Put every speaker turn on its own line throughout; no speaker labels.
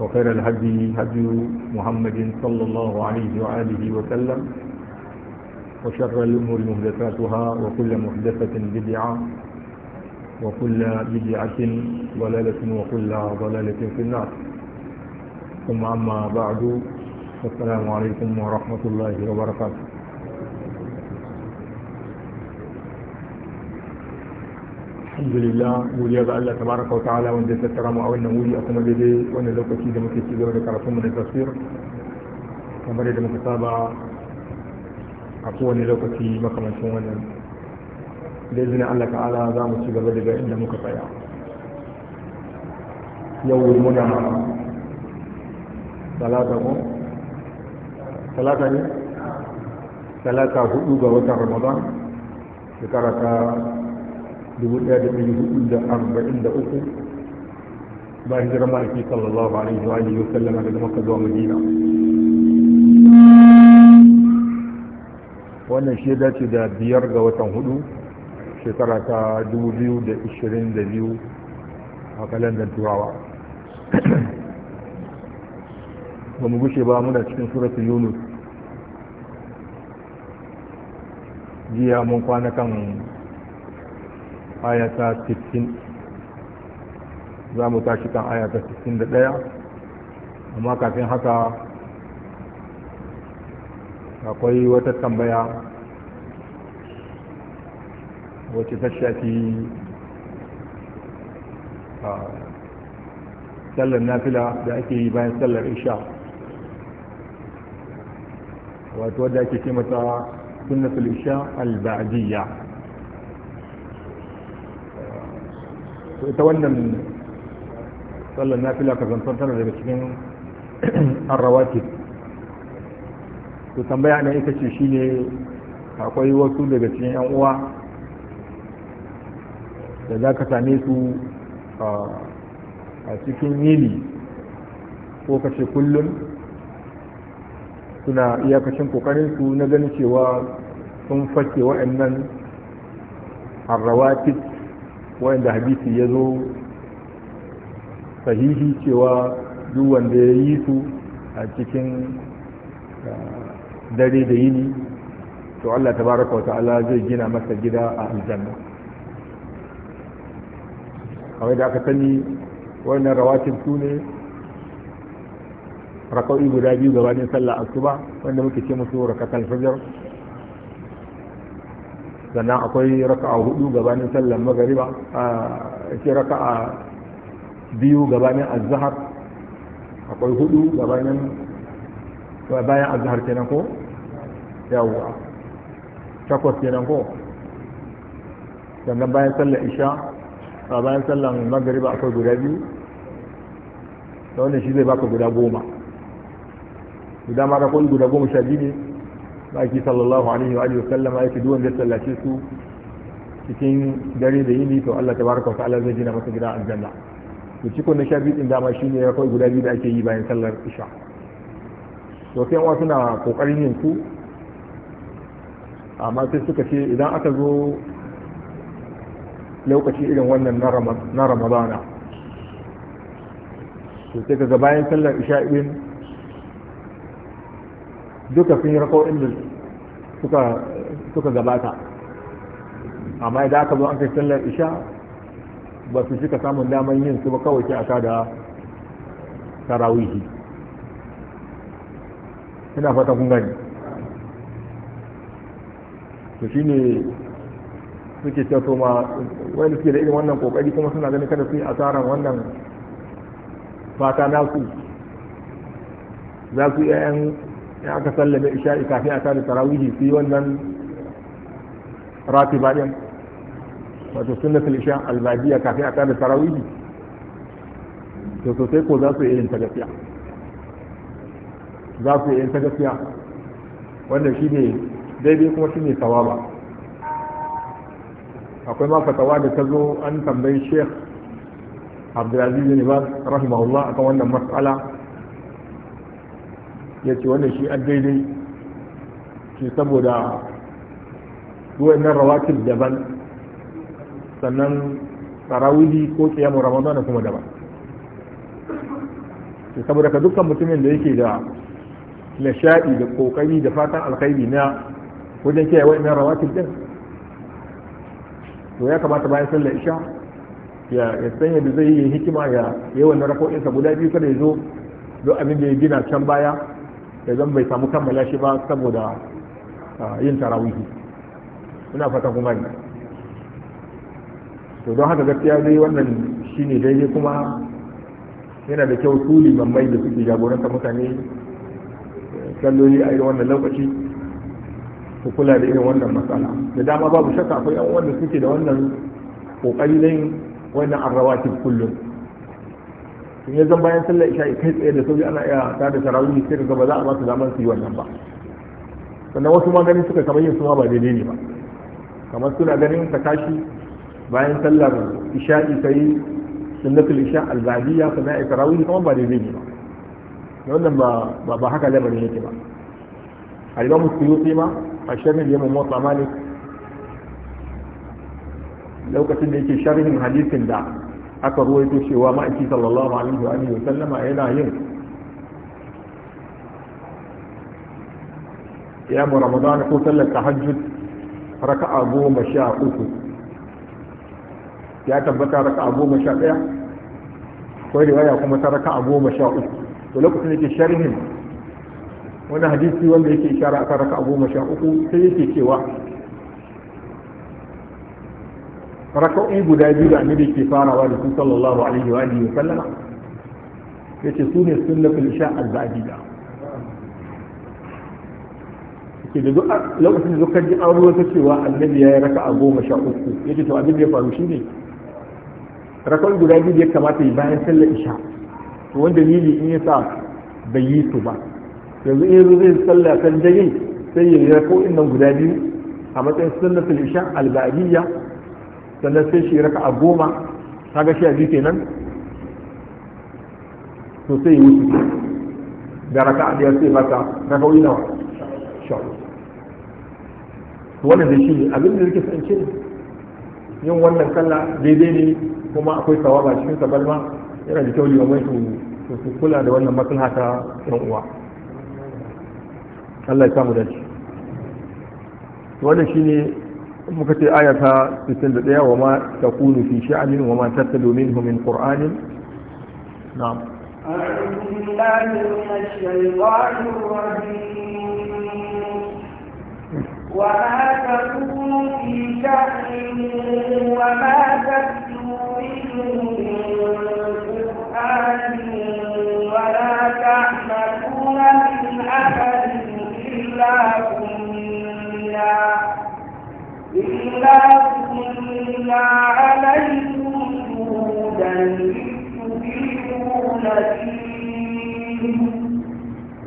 وخير الهدي هدي محمد صلى الله عليه وآله وسلم وشر الأمور محدثاتها وكل محدثة بدعة وكل بدعة ضلالة وكل ضلالة في النار ثم أما بعد السلام عليكم ورحمة الله وبركاته alhamdulillah godiya ga Allah tabaraka wa ta'ala wanda ya tattara mu a wannan wuri a kuma daidai wannan lokaci da muke ci gaba da karatun mu na tafsir kamar yadda muka saba a kowane lokaci makamancin wannan da izinin Allah ta'ala za mu ci gaba daga inda muka tsaya yau muna talata ko talata ne talata hudu ga watan ramadan shekara ta 1443 ba hijirar ma'aiki sallallahu alaihi wa alihi wasallama daga maka zuwa madina wannan shi dace da biyar ga watan hudu shekara ta 2022 a kalandar turawa ba mu gushe ba muna cikin suratun yunus jiya mun kwana kan ayata 60 za mu tashi kan ayata 61 amma kafin haka akwai wata tambaya wacce ta shafi sallar nafila da ake yi bayan sallar isha wato wadda ake ce mata sunnatul isha al-ba'diyya to ita wannan na fila ka zantar tana daga cikin arrawati to tambaya ne ita ce shine akwai wasu daga cikin yan uwa da za ka same su a cikin yini ko kashe kullum suna iyakacin kokarin su na ganin cewa sun fake waɗannan arrawatik. wanda hadisi ya zo sahihi cewa duk wanda ya yi su a cikin ah, dare da yini to Allah Ta tabaraka wata'ala zai gina masa gida a aljanna kawai da aka sani wannan rawatin su ne rakau'i guda biyu gabanin sallah asuba wanda muke ce musu rakatal fajar sannan akwai raka'a hudu gabanin sallar magariba a ce raka'a biyu gabanin azhar akwai hudu gabanin bayan azhar kenan ko yawwa takwas kenan ko sannan bayan sallar isha a bayan sallar magariba akwai guda biyu da wannan shi zai baka guda goma idan ma ka kwallo guda goma sha biyu ne maki sallallahu alaihi wa sallama yake duwan da sallace su cikin dare da yini to Allah tabaraka wa ta'ala zai gina masa gida aljanna to ciko na sha biyu din dama shine ya kai guda biyu da ake yi bayan sallar isha to sai wa suna kokarin yin su amma sai suka ce idan aka zo lokaci irin wannan na ramadana to sai ka ga bayan sallar isha din duka sun yi rako'in da suka gabata amma idan aka zo an kai sallar isha ba su ka samun damar yin su ba kawai ke aka da tarawihi ina fata kun gani shi ne suke cewa to ma wani suke da irin wannan kokari kuma suna ganin kada su yi asaran wannan fata nasu za su yi 'ya'yan in aka sallame isha'i kafin a da tarawihi su yi wannan rafi bayan wato sunnatul isha albadiya kafin a da tarawihi to sosai ko za su yi yin ta gaskiya za su yi ta gaskiya wanda shi ne daidai kuma shi ne tawaba akwai ma fatawa da ta zo an tambayi sheikh abdulaziz bin ibad rahimahullah akan wannan mas'ala ya ce wannan shi an daidai shi saboda duwannan rawatin daban sannan tarawihi ko kiyamun ramadana kuma daban shi saboda ka dukkan mutumin da yake da nishaɗi da ƙoƙari da fatan alkhairi na wajen kiyaye wa'annan rawatin din to ya kamata bayan sallar isha ya sanya da zai yi hikima ya yi wannan sabu guda biyu kada ya zo don abin da ya gina can baya ya zan bai samu kammala shi ba saboda ah, yin tarawihi ina fata kuma ne to don haka gaskiya dai wannan shi ne daidai kuma yana da kyau su limammai da suke jagoranta mutane eh, salloli a irin wannan lokaci su kula da irin wannan matsala da dama babu shakka akwai yan wanda suke da wannan kokari na yin wannan arrawatin kullum in ya zan bayan sallar isha kai tsaye da sauri ana iya ta da tarawih sai ka ba za a ba su damar su yi wannan ba sannan wasu ma ganin suka kamar yin suma ba daidai ne ba kamar suna ganin ka tashi bayan sallar isha'i sai sunnatul isha al-zabiyya sana'a tarawih kamar ba daidai ne ba wannan ba ba haka lamarin yake ba alimam imam suyuti ma a shirin yamma motsa malik lokacin da yake sharhin hadisin da aka ruwaito cewa ma'aiki sallallahu alaihi wa sallama yana yin ya mu ramadan ko sallar tahajjud raka'a goma sha uku ya tabbata raka'a goma sha ɗaya ko riwaya kuma ta raka'a goma sha uku to lokacin yake ke sharhin wani hadisi wanda yake ishara akan raka'a goma sha uku sai yake cewa raka'o'i guda biyu da annabi ke farawa da su sallallahu alaihi wa alihi wa sallama yace su ne sunnatul isha al-ba'diya ke da duk lokacin da zuka ji aure wata cewa annabi ya yi raka'a goma sha uku yace to abin da ya faru shine raka'o'i guda biyu da ya kamata yi bayan sallar isha to wanda dalili in ya sa bai yi su ba yanzu in zai sallah kan dare sai ya yi raka'o'in nan guda biyu a matsayin sunnatul isha al-ba'diya sannan sai shi raka a goma ta ga shi a jike nan to sai wuce da raka a biyar sai maka raka wuyi nawa sha to wannan da shi ne abin da yake sanke yin wannan kalla daidai ne kuma akwai sawaba cikin sa balma yana da kyau limamai to su kula da wannan maslaha ta yan uwa Allah ya samu dace wannan shine muka ce aya ta 61 wa ma ta kunu fi sha'anin wa ma tattalu minhu min qur'anin na'am أعوذ
بالله وما تكون في شأن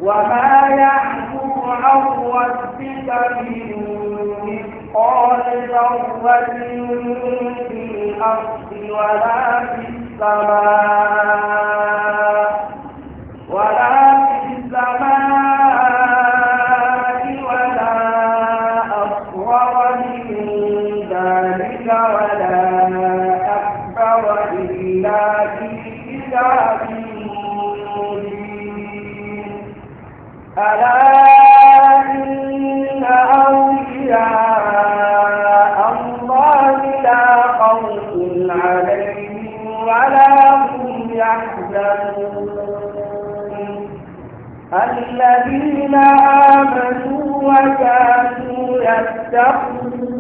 وما يحكم عن ربك من مثقال ذرة في الأرض ولا في السماء الذين آمنوا وكانوا يتقون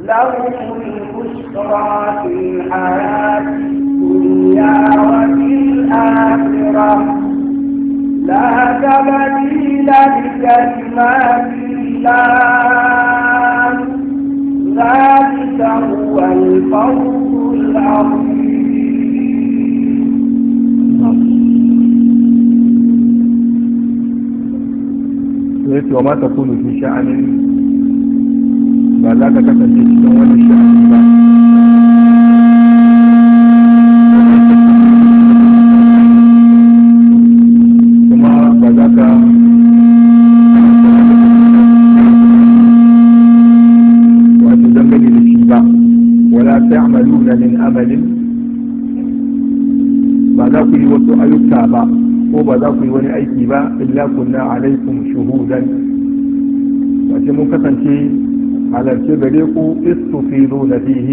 لهم البشرى في الحياة الدنيا وفي الآخرة لا تبديل لكلمات الله ذلك هو الفوز العظيم
ya ce wa mata kunu fi sha'anin ba za ka kasance cikin wani sha'ani ba kuma ba za ka wato dangane da shi ba wala ta'maluna min amalin ba za ku yi wasu ayyuka ba ko ba za ku yi wani aiki ba illa kunna alai موجود لكن ممكن شيء على الكبريق استفيدون فيه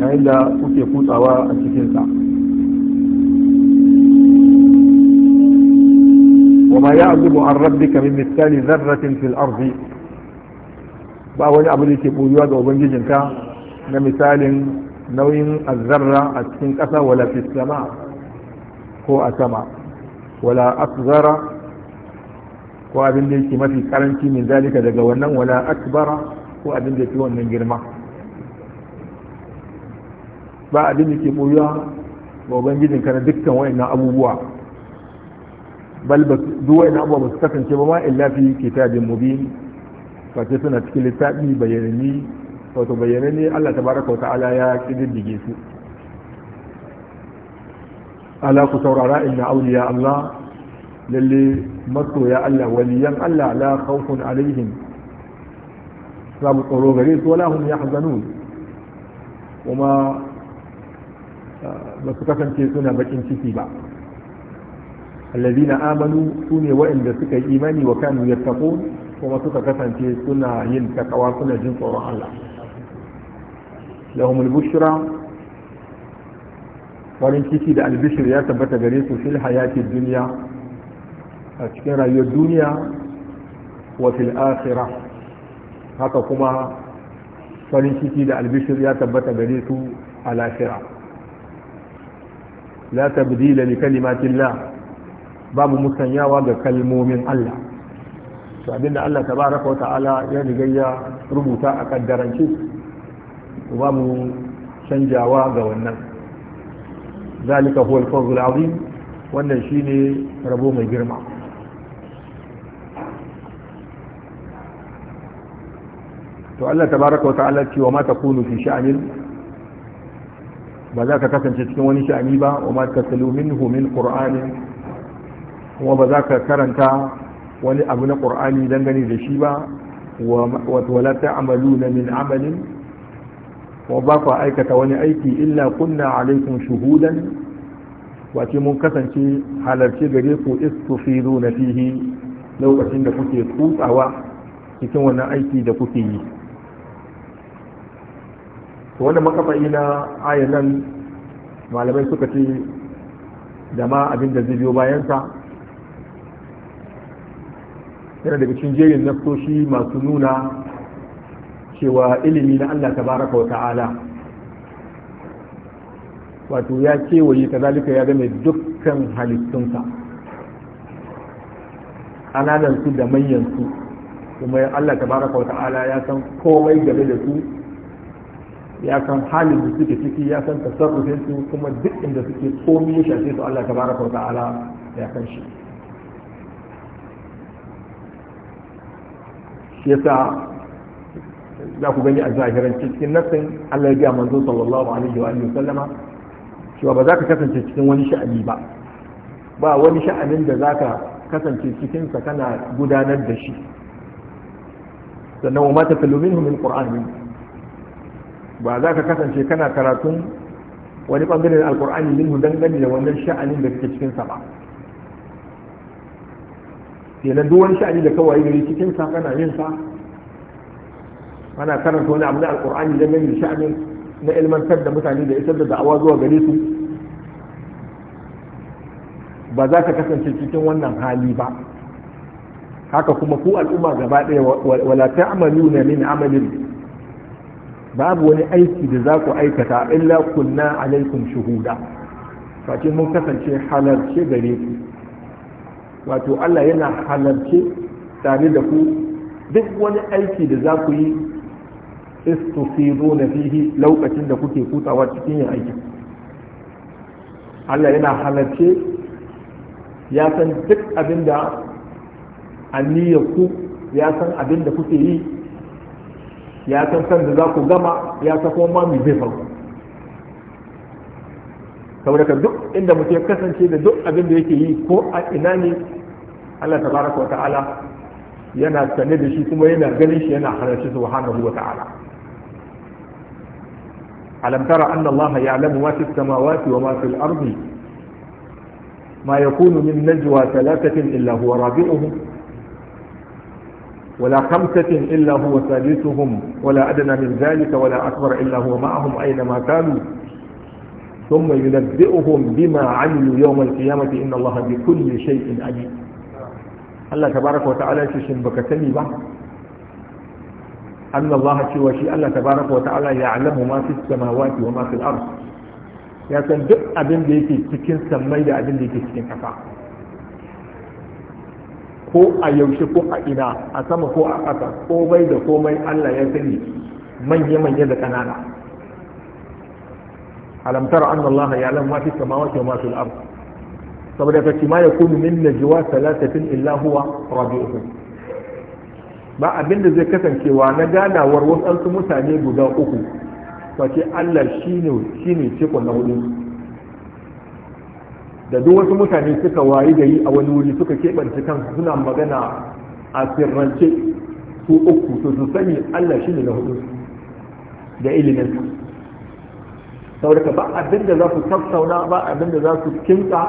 عند كتي فوتاوا الشكيلتا وما يعزب عن ربك من مثال ذرة في الأرض باوني أبلي كبوليا دوبن جنكا نمثال نوين الذرة أتكين ولا في السماء هو أسماء ولا أصغر ko abin da yake mafi karanci min zalika daga wannan wala akbara ko abin da yake wannan girma ba abin da ke boyuwa ba ubangijin kana dukkan wayannan abubuwa bal ba duk wayannan abubuwa ba su kasance ba ma illa fi kitabin mubin face suna cikin littafi bayanani wato bayanani Allah tabaraka wa ta'ala ya kididdige su ala ku saurara inna awliya Allah للي مصر يا الله وليم الا لا خوف عليهم سلام القرور غريب ولا هم يحزنون وما آه، بسكتن سنة بكين كيسيبا الذين آمنوا سوني وإن بسك إيماني وكانوا يتقون وما سكتن سنة ين كتواصل جنس وراء الله لهم البشرى وإن كيسيب البشر يتبت غريس في الحياة الدنيا الدنيا a cikin rayuwar duniya wa fil haka kuma farin ciki da albishir ya tabbata gare su a lafira la tabdila li kalimatillah babu musanyawa ga kalmomin Allah to abinda Allah ba wa ta'ala ya riga ya rubuta a kaddarance babu canjawa ga wannan zalika huwa al azim wannan shine rabo mai girma to Allah tabaraka wa ta'ala ce wa ma takunu fi sha'anin ba za ka kasance cikin wani sha'ani ba wa ma tasalu minhu min qur'ani kuma ba za ka karanta wani abu na qur'ani dangane da shi ba wa amalu ta'maluna min amalin wa ba ku aikata wani aiki illa kunna alaikum shuhudan wace mun kasance halarci gare ku istufidu na fihi lokacin da kuke tsutsawa cikin wannan aiki da kuke yi to wanda makafa'i na ayan nan malamai suka ce da ma abin da zai biyo bayansa yana daga cikin jerin nafsoshi masu nuna cewa ilimi na Allah tabaraka wa ta'ala wato ya kewaye ta zalika ya game dukkan halittunsa su da manyan su, kuma Allah tabaraka wa ta'ala ya san komai game da su ya san halin da suke ciki ya san tasarrufin su kuma duk inda suke komi ya shafe su Allah tabaraka wa ta'ala ya san shi shi yasa za ku gani a zahiran cikin nassin Allah ya ga manzo sallallahu alaihi wa alihi sallama cewa ba za ka kasance cikin wani sha'ani ba ba wani sha'anin da za ka kasance cikinsa kana gudanar da shi sannan wa mata talumin min qur'ani ba za ka kasance kana karatun wani bangare na alkur'ani minhu dangane da wannan sha'anin da kake cikin sa ba nan duk wani sha'ani da kawai gari cikin sa kana yin sa kana karanta wani abu na alkur'ani dangane da sha'anin na ilmantar da mutane da isar da da'awa zuwa gare su ba za ka kasance cikin wannan hali ba haka kuma ku al'umma gaba ɗaya wala ta'malu na min amalin babu wani aiki da za ku aikata illa kunna alaikum shuhuda face mun kasance halarce gare ku wato Allah yana halarce tare da ku duk wani aiki da za ku yi istufidu na fihi lokacin da kuke kutsawa cikin yin aiki Allah yana halarce ya san duk abin da ku ya san abin da kuke yi ya san san da za ku gama ya san kuma ma mai zai faru saboda ka duk inda mutum ya kasance da duk abin da yake yi ko a ina ne Allah tabaraka wa ta'ala yana sane da shi kuma yana ganin shi yana halarci shi subhanahu wa ta'ala alam tara anna Allah ya'lamu ma fis samawati wa ma fil ardi ma yakunu min najwa thalathatin illa huwa rabi'uhum ولا خمسة إلا هو ثالثهم ولا أدنى من ذلك ولا أكبر إلا هو معهم أينما كانوا ثم ينبئهم بما عملوا يوم القيامة إن الله بكل شيء عليم الله تبارك وتعالى شيء بكتني بعض أن الله شيء وشيء الله تبارك وتعالى يعلم ما في السماوات وما في الأرض يا سندق أبن ديكي تكين سمي أبن ديكي تكين أفعال ko a yaushe ko a ina a sama ko a ƙasa komai da komai Allah ya sani manya-manya da ƙanana alamtar an Allah ya lan mafi fi samawati masu al'ar saboda ka kima ya kunu min jiwa thalathatin illa huwa rabi'uhum ba abinda zai kasancewa na ganawar wasu mutane guda uku face Allah shine shine cikon na hudu da duk wasu mutane suka wayi gari a wani wuri suka keɓance kan suna magana a sirrance su uku to su sani Allah shi ne na hudu da ilimin saboda ba abin da za su tattauna ba abin da za su kinka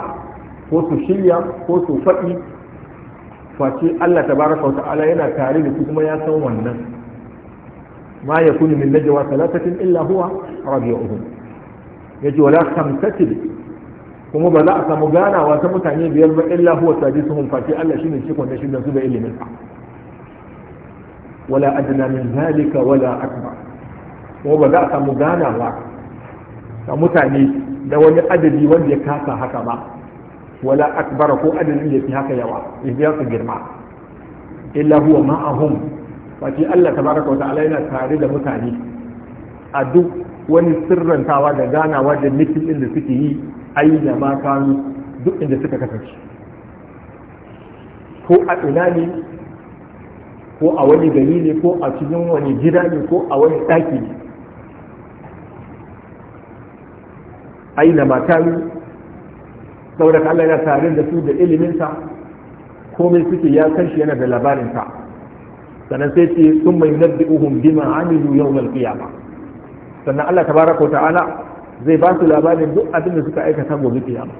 ko su shirya ko su faɗi face Allah ta baraka Uta, Ala yana tare da su kuma ya san wannan ma yakunu min najwa thalathatin illa huwa rabi'uhum yaji wala khamsatin kuma ba za a samu ganawa ta mutane biyar ba illa huwa sadisuhum fa Allah shine shi kwanda shi da su da ilimin wala adna min zalika wala akbar kuma ba za a samu ganawa ta mutane da wani adadi wanda ya kasa haka ba wala akbar ko adadin da fi haka yawa ya su girma illa huwa ma'ahum fa Allah tabaraka wa ta'ala yana tare da mutane a duk wani sirrantawa da ganawa da mitin din da suke yi aina ma kanu duk inda suka kasance ko a ina ne ko a wani gari ne ko a cikin wani gida ne ko a wani ɗaki ne aina ma kanu saboda Allah yana tare da su da iliminsa komai suke ya san yana da labarinsa sannan sai ce sun mai nabbi uhum bima amilu yawmal ba sannan Allah tabaraka wa ta'ala zai ba su labarin duk abin da suka aikata gobe kiyama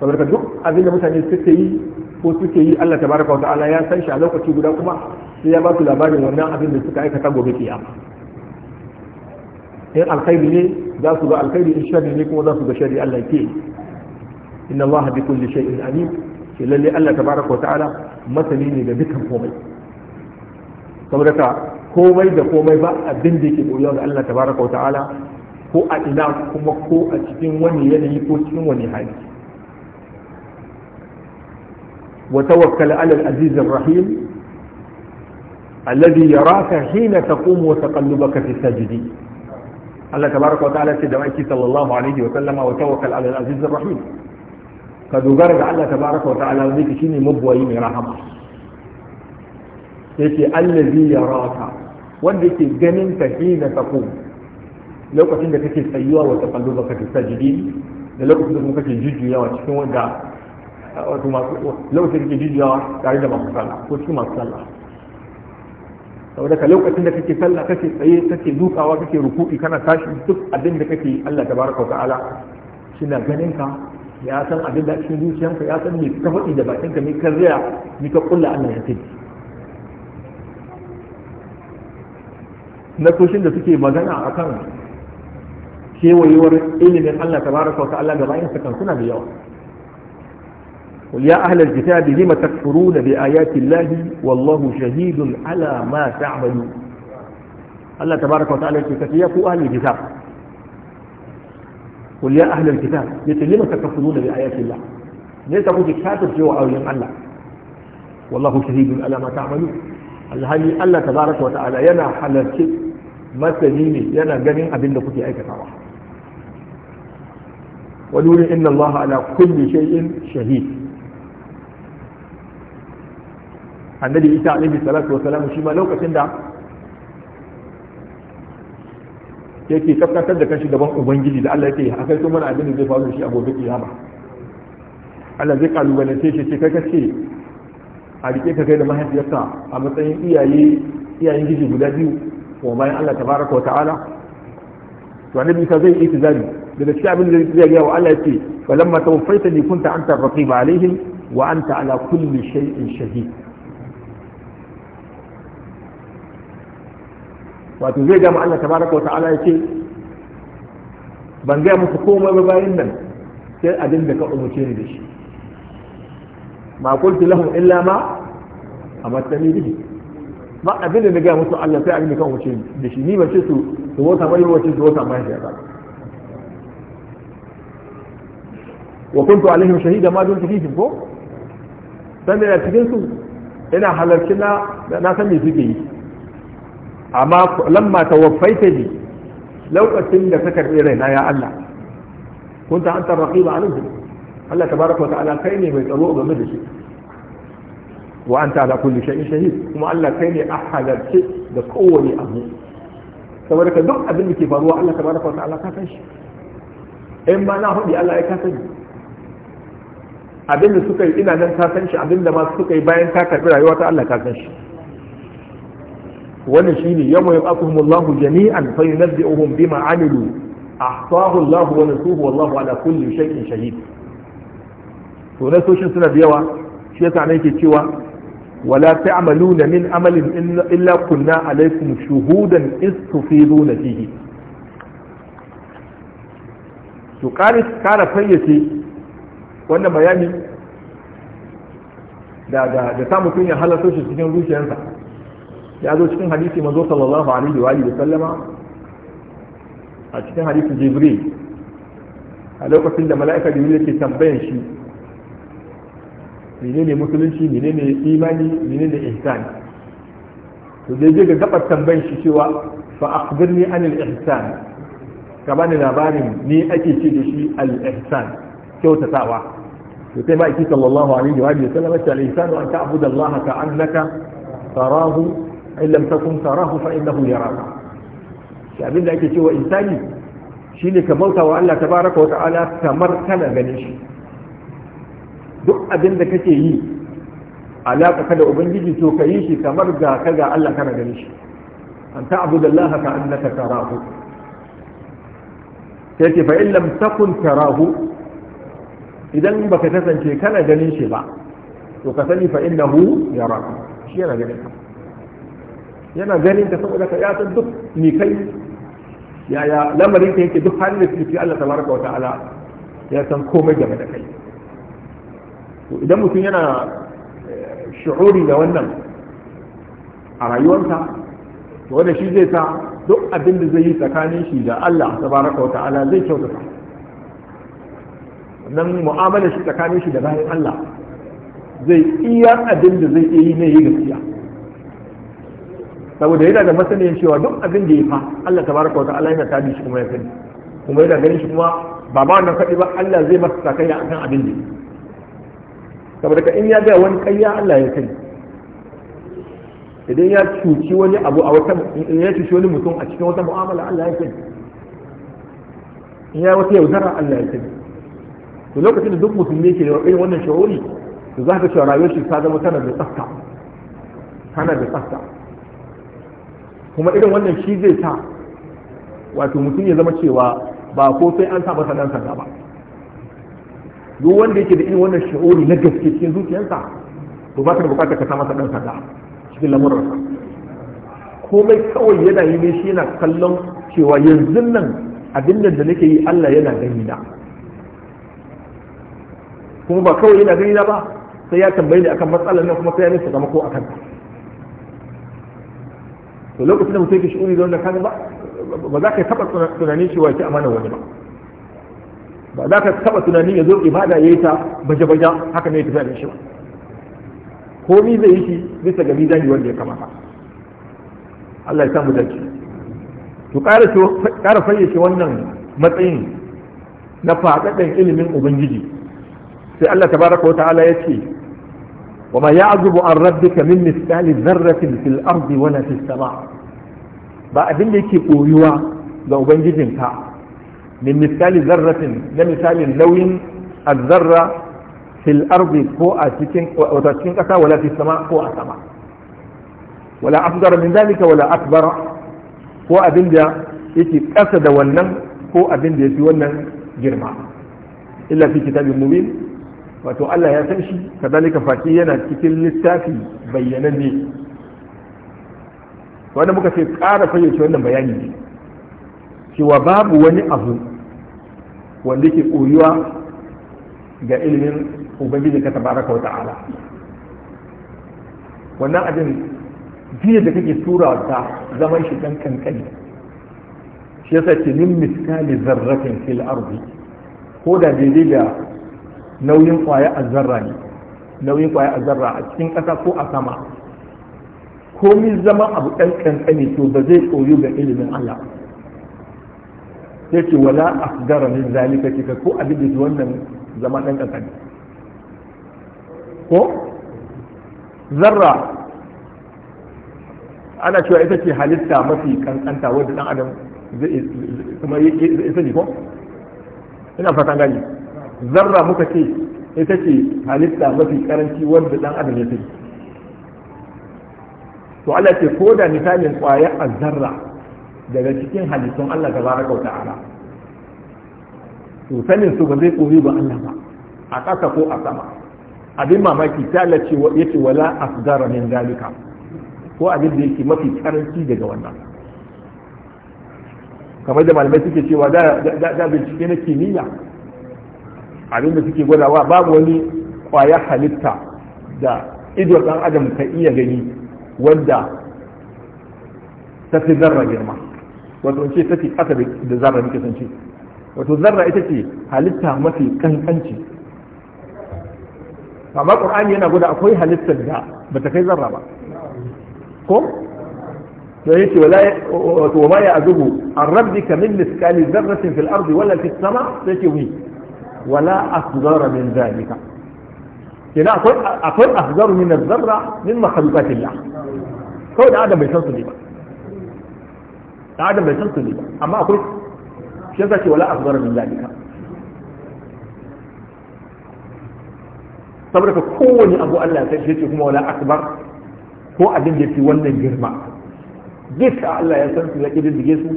saboda duk abin da mutane suke yi ko suke yi Allah tabaraka wa ta'ala ya san shi a lokaci guda kuma sai ya ba su labarin wannan abin da suka aikata gobe kiyama in alkhairi ne za su ga alkhairi in sharri ne kuma za su ga sharri Allah ke inna Allah bi kulli shay'in alim ke lalle Allah tabaraka wa ta'ala masani ne ga dukkan komai saboda ka komai da komai ba abin da yake koyo ga Allah tabaraka wa ta'ala ko a ina kuma ko a cikin wani yanayi ko cikin wani hali wa tawakkal ala al-aziz ar-rahim alladhi yaraka hina taqumu wa taqallubaka fi sajdi Allah tabaraka wa ta'ala ce da maki sallallahu alaihi wa sallama wa tawakkal ala al-aziz ar-rahim ka dogara ga Allah tabaraka wa ta'ala wani zai shine mabwayi mai rahama yake alladhi yaraka wanda yake ganin ka hina taqumu lokacin da kake tsayuwa wa tsallu baka ta sajidi da lokacin da kuma kake jujjuyawa cikin wanda wato masu lokacin da kake jujjuyawa tare da masu sallah ko cikin masu sallah saboda ka lokacin da kake sallah kake tsaye kake dukawa kake ruku'i kana tashi duk abin da kake Allah tabaraka wa ta'ala shina ganin ka ya san abin da cikin zuciyanka ya san me ka faɗi da bakinka me ka zaya me ka kulla Allah ya tafi na koshin da suke magana akan kewayewar ilimin Allah tabaraka wa ta'ala ga bayan kan suna da yawa قل يا أهل الكتاب لم تكفرون بآيات الله والله شهيد على ما تعملون الله تبارك وتعالى يقول أهل الكتاب قل يا أهل الكتاب لم تكفرون بآيات الله ليس كنت كاتب جوا أو الله والله شهيد على ما تعملون alhali Allah tabaraka wa ta'ala yana halarci masani ne yana ganin abin da kuke aikatawa wani wurin inna Allah ala kulli shay'in shahid annabi isa alaihi salatu wasalam shi ma lokacin da yake tabbatar da kanshi gaban ubangiji da Allah yake akai to mana abin da zai faru shi a gobe kiyama Allah zai kalubalance shi ce kai kace a rike ka kai da mahaifiyarka a matsayin iyaye iyayen giji guda biyu wa bayan Allah tabaraka wa ta'ala to annabi isa zai yi tizari daga cikin abin da zai gaya wa Allah yake falamma tawaffaitani kunta anta raqiba alaihim wa anta ala kulli shay'in shahid wato zai gama Allah tabaraka wa ta'ala ya ce? ban gaya musu komai ba bayan nan sai abin da ka umarce ni da shi ma qultu lahum illa ma amatani bihi ba abin da na gaya musu Allah sai abin da ka umarce ni da shi ni ba ce su su wata mai wace su wata mai ya ba wa kuntu alaihim shahida ma dun fihim ko sannan da cikin su ina halarci na na san me suke yi amma lamma tawaffaita ni lokacin da ka karbi raina ya Allah kunta anta raqiba alaihim Allah tabaraka wa ta'ala kai ne mai tsaro game da shi wa anta ala kulli shay'in shahid kuma Allah kai ne ahalarci da kowane abu saboda ka duk abin da ke faruwa Allah tabaraka wa ta'ala ka san shi in ba na faɗi Allah ya ka sani abin da suka yi ina nan ka san shi abin da ma suka yi bayan ka karbi rayuwa ta Allah ka san shi wannan shine yawma yaqahumullahu jami'an fa yunabbi'uhum bima amilu ahsahu Allah wa nasuhu wallahu ala kulli shay'in shahid to nasoshin suna da yawa shi yasa ne yake cewa wala na min amalin illa kunna alaykum shuhudan istufiduna fihi to kare kare fayyace wannan bayani da da ta mutum ya halarta shi cikin zuciyarsa ya zo cikin hadisi mazo sallallahu alaihi wa alihi sallama a cikin hadisi jibril a lokacin da mala'ika jibril yake tambayan shi menene musulunci menene imani menene ihsan to dai je ga gabar tambayan shi cewa fa akhbirni anil ihsan ka bani labarin ni ake ce da shi al ihsan kyautatawa to sai ma'aiki sallallahu alaihi wa sallam ta al-insanu an ta'budu Allah ka annaka tarahu in lam takun tarahu fa innahu yaraka shi abin da ake cewa insani shine ka bauta wa Allah tabaraka wa ta'ala kamar kana ganin shi duk abin da kake yi alaka ka da ubangiji to ka yi shi kamar ga ka ga Allah kana ganin shi an Allah ka annaka ce fa in idan baka kasance kana ganin shi ba to ka sani fa innahu yaraka shi yana ganin ka yana ganin ka saboda ka ya san duk ni kai yaya lamarin ka yake duk halin da suke Allah tabaraka wa ta'ala ya san komai game da kai to idan mutum yana eh, shu'uri da wannan a rayuwarsa to wanda shi zai sa duk abin da zai yi tsakanin shi da Allah tabaraka wa ta'ala zai kyautata nan mu'amalar shi tsakanin shi da bayan Allah zai iya abin da zai yi na yi gaskiya saboda yana da masaniyar cewa duk abin da ya fa Allah tabaraka wa ta'ala yana tabi shi kuma ya sani kuma yana ganin shi kuma ba ba wannan kadi ba Allah zai masa sakayya akan abin da saboda ka in ya ga wani kayya Allah ya sani idan ya cuci wani abu a wata ya cuci wani mutum a cikin wata mu'amala Allah ya sani in ya wata yaudara Allah ya sani to lokacin da duk musulmi ke da irin wannan shawari to za ka cewa rayuwar shi ta zama tana da tsafta tana da tsafta kuma irin wannan shi zai sa wato mutum ya zama cewa ba ko sai an sa masa sanda ba duk wanda yake da irin wannan shawari na gaske cikin zuciyarsa to ba ka da bukatar ka sa masa sanda cikin lamurarsa komai kawai yana yi ne shi yana kallon cewa yanzu nan abin da nake yi Allah yana gani na kuma ba kawai yana gani na ba sai ya tambaye ni akan matsalar nan kuma sai ya nisa ko akan ta to lokacin da mutum yake shi'uri da wannan kanin ba ba za ka taba tunanin shi wace amana wani ba ba za ka taba tunanin ya zo ibada ya yi ta baje-baje haka ne ya tafiya da shi ba ko ni zai yi shi bisa ga mizani wanda ya kamata Allah ya samu dace to ƙara fayyace wannan matsayin na faɗaɗɗen ilimin ubangiji sai Allah tabaraka wa ta'ala ya ce wa ma ya'zubu an rabbika min misali dharratin fil ardi wala fis sama' ba abin da yake koyuwa ga ubangijinka min misali zarratin na misalin nauyin azzarra fil ardi ko a cikin wata cikin kasa wala fis sama' ko a sama wala afdara min zalika wala akbar ko abin da yake kasa da wannan ko abin da yafi wannan girma illa fi kitabin mubin wato Allah ya san shi kadalika fati yana cikin littafi ne. wanda muka ce ƙara fayyace wannan bayani ne cewa babu wani abu wanda ke koyuwa ga ilimin ubangiji ka tabaraka wa wannan abin jiya da kake tura ta zaman shi dan kankani shi yasa ce min miskali zarratin fil ardi ko da daidai da nauyin kwaya zarra ne nauyin kwaya zarra a cikin ƙasa ko a sama komi zama abu ɗan ƙanƙani to ba zai koyo ga ilimin Allah sai ce wala asgara min zalika ka ko abin da wannan zama ɗan ƙanƙani ko zarra ana cewa ita ce halitta mafi ƙanƙanta wadda ɗan adam zai kuma ya ko ina fatan gani zarra muka ce ita ce halitta mafi karanci wanda dan adam ya sani to Allah ce ko da misalin kwaya zarra daga cikin halittun Allah baraka wa ta'ala to sanin su ba zai koyi ba Allah ba a ƙasa ko a sama abin mamaki ta Allah ce yace wala asgara min zalika ko abin da yake mafi karanci daga wannan kamar da malamai suke cewa da bincike na kimiyya abin da suke gwadawa babu wani kwaya halitta da ido dan adam ka iya gani wanda ta fi zarra girma wato ce ta fi ƙasa da zarra muke sanci wato zarra ita ce halitta mafi kankanci amma qur'ani yana gwada akwai halittar da ba ta kai zarra ba ko da yake wala wa ma ya'zubu an rabbi ka min miskali dharratin fil ardi wala fis sama sai ke wi wala asdara min zalika kenan akwai akwai asdaru min zarra min makhluqatillah ko da adam bai san su ne ba da adam bai san su ne ba amma akwai shi yasa ce wala asdara min zalika saboda ka kowane abu Allah ya sai ce kuma wala akbar ko abin da yake wannan girma duk Allah ya san su ya kididdige su